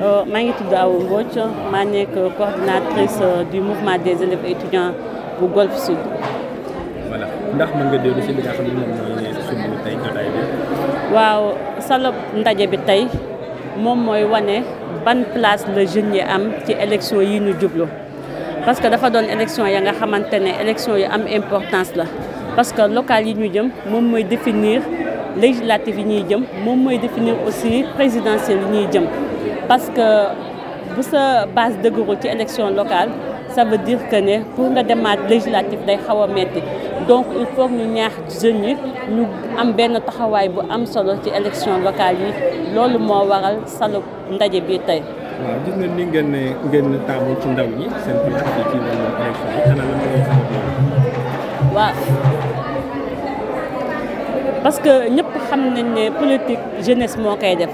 Euh, maa ngi tudd Awa Mbodj coordinatrice euh, du mouvement des élèves étudiants du Golf Sud. voilà ndax mën nga dellu si li nga xam ne moom mooy sunu tey jotaay bi. waaw salop ndaje bi tey moom mooy wane ban place la jeune yi am ci élection yi ñu jublu parce que dafa doon élection ya nga xamante ne élection yu am importance la parce que local yi ñu jëm moom mooy définir législative yi ñuy jëm moom mooy définir aussi présidentielle yi ñuy jëm parce que bu sa base dëgëroo ci élection locale ça veut dire que ne pour nga demaat législatif day xaw a metti donc il faut ñu ñaax jeunes yi ñu am benn taxawaay bu am solo ci élection locale yi loolu moo waral salo ndaje bi tey. waaw gis nga ni ngeen ne ngeen taamu ci ndaw ñi seen politique ci ndaw élection ana lan ngay waaw parce que ñëpp xam nañ ne politique jeunesse moo koy def.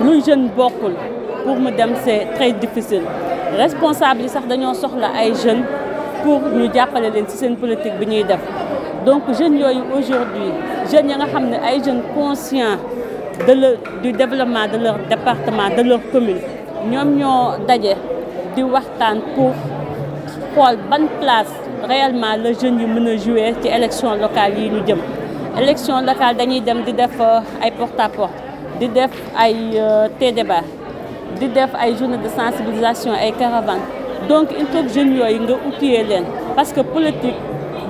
Nous jeune pour mu c'est très difficile responsable responsables sax dañoo soxla jeunes pour nous dire que ci politique bi ñuy donc jeunes aujourd'hui jeunes jeunes conscients de le du développement de leur département de leur commune Nous avons d'ailleurs di pour place réellement le jeune yi jouent jouer ci élection locale yi élection locale dañuy dem porte à porte di def ay euh, thé débat di def ay journée de sensibilisation ay caravane donc il faut que jeunes yooyu nga outiller len parce que politique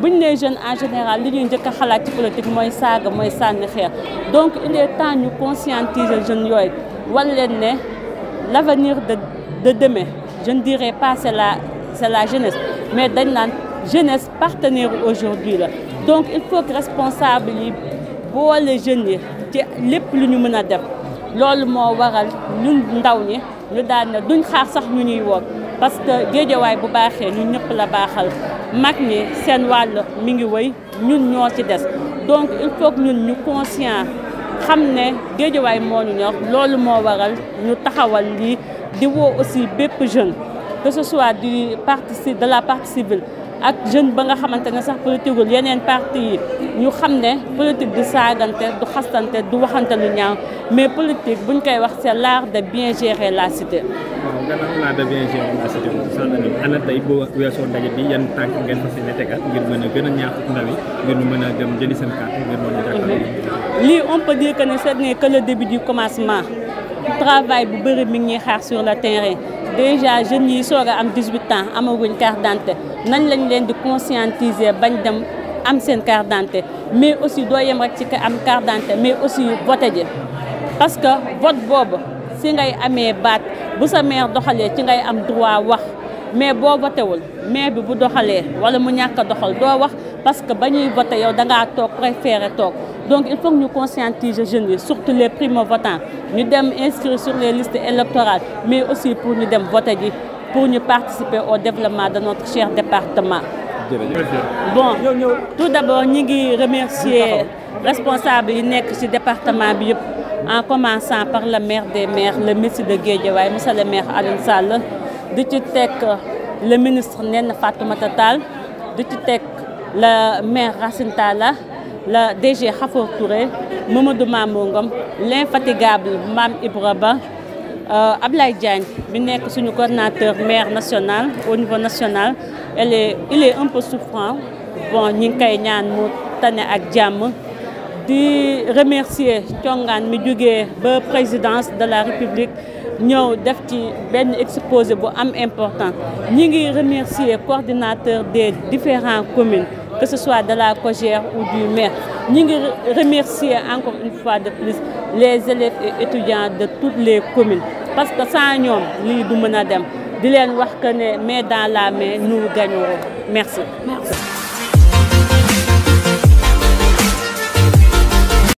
buñ jeunes en général li ñu jëk xalaat ci politique moy saga moy sanni xéer donc il est temps de conscientiser jeunes yoy wal len l'avenir de demain je ne dirais pas que c'est la c'est la jeunesse mais dañ la jeunesse partenaire aujourd'hui là, donc il faut que responsable boole jeunes yi ci lépp lu ñu mën a def loolu moo waral ñun ndaw ñi ñu daan ne duñ xaar sax ñu ñuy woon parce que géejawaay bu baaxee ñun ñëpp la baaxal mag ñi seen wàll mi ngi wëy ñun ñoo ci des donc il faut que ñun ñu conscient xam ne géejawaay moo ñu ñor loolu moo waral ñu taxawal lii di woo aussi bépp jeune que ce soit du parti de la partie civile ak jeune ba nga xamante ne sax politiqueul yeneen parti yi ñu xam ne politique du saagante du xastante du waxante lu ñaaw mais politique buñ koy wax c'est l'art de bien gérer la cité. waaw nga naan l'art de bien gérer la cité sax tey boo weesoo ndaje bi yan tànk ngeen fas yéene tegaat ngir mën a gën a ngir ñu dem jëli seen carte ngir mën a jàppale. lii on peut dire ne ce n'est que le début commencement. travail bu bëri mi ngi xaar sur le terrain déjà jeunes yi soog a am 18 ans amaguñ carte d'identité nañ lañ leen di conscientiser bañ dem am seen carte d'identité mais aussi doo yem rek ci am carte d'identité mais aussi vote ji parce que vote boobu si ngay amee baat bu sa maire doxalee ci ngay am droit wax mais boo votewul maire bi bu doxalee wala mu ñàkk a doxal doo wax parce que ba ñuy vote yow da ngaa toog préféré toog donc il faut que nous conscientiser jeunes surtout les primo-votants Nous devons inscrire sur les listes électorales mais aussi pour nous devons voter pour nous participer au développement de notre cher département. bon tout d'abord nous remercions remercier responsables responsables département en commençant par le maire des maires le ministre de Guédiawaye le maire Alain Sall le ministre Nen Fatoumata Tall le maire Racine la DG Khafour Touré, Mamadou Mamongom, l'infatigable Mam Ibraba, euh, Ablaï Diagne, qui est coordinateur maire national, au niveau national, elle est, il est un peu souffrant. Bon, nous avons tane ak jàmm di remercier tiongan mi jógee ba présidence de la république qui def ci une exposé bu am important ñi ngi remercier coordinateur des différentes communes que ce soit de la cogère ou du maire. Nous remercions encore une fois de plus les élèves et étudiants de toutes les communes. Parce que sans nous, nous ne pouvons pas. Nous dans la main, nous gagnons. Merci.